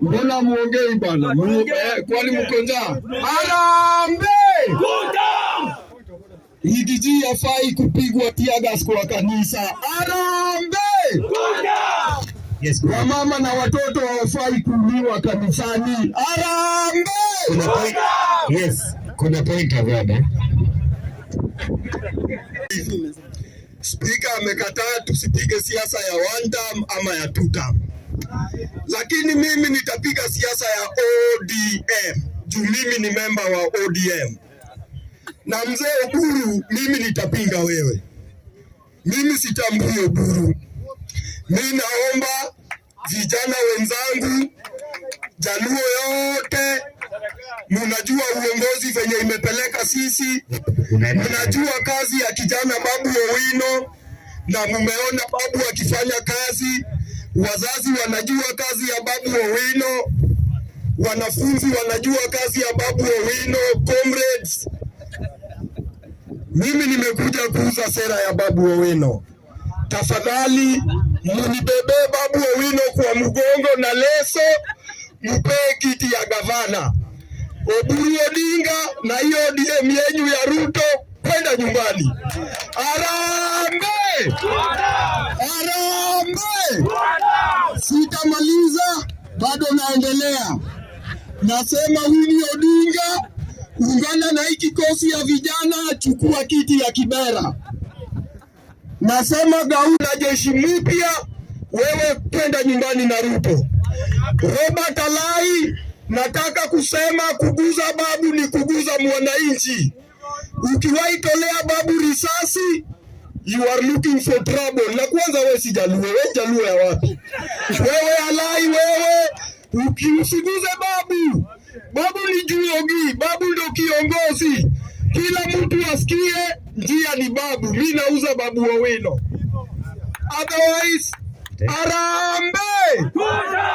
Mbona muongei bana? Eh, kwani mko njaa? Harambee! Higiji hafai kupigwa tiagas kwa kanisa. Harambee! Yes, kwa mama na watoto hawafai kuuliwa kanisani. Kuna point. Yes, kuna point brother. Spika amekataa tusipige siasa ya one term ama ya two term lakini mimi nitapiga siasa ya ODM juu mimi ni memba wa ODM. Na mzee Oburu, mimi nitapinga wewe, mimi sitambui Oburu. Mi naomba vijana wenzangu, Jaluo yote munajua uongozi venye imepeleka sisi, mnajua kazi ya kijana Babu Owino na mumeona Babu akifanya kazi wazazi wanajua kazi ya Babu Owino, wanafunzi wanajua kazi ya Babu Owino. Comrades, mimi nimekuja kuuza sera ya Babu Owino. Tafadhali munibebee Babu Owino kwa mgongo na leso, mpee kiti ya gavana. Oburu Odinga na hiyo ODM yenyu ya Ruto kwenda nyumbani. Arambe, arambe! bado naendelea. Nasema Winnie Odinga kuungana na hii kikosi ya vijana, chukua kiti ya Kibera. Nasema Gauna jeshi mpya wewe kwenda nyumbani na Ruto. Robert Alai, nataka kusema kuguza babu ni kuguza mwananchi. Ukiwaitolea babu risasi You are looking for trouble. Na kwanza wewe si Jaluo, wewe Jaluo ya wapi? Wewe Alai wewe Ukiusuguze babu, babu ni juogi, babu ndio kiongozi. Kila mtu asikie njia ni babu. mi nauza babu Owino, otherwise arambe.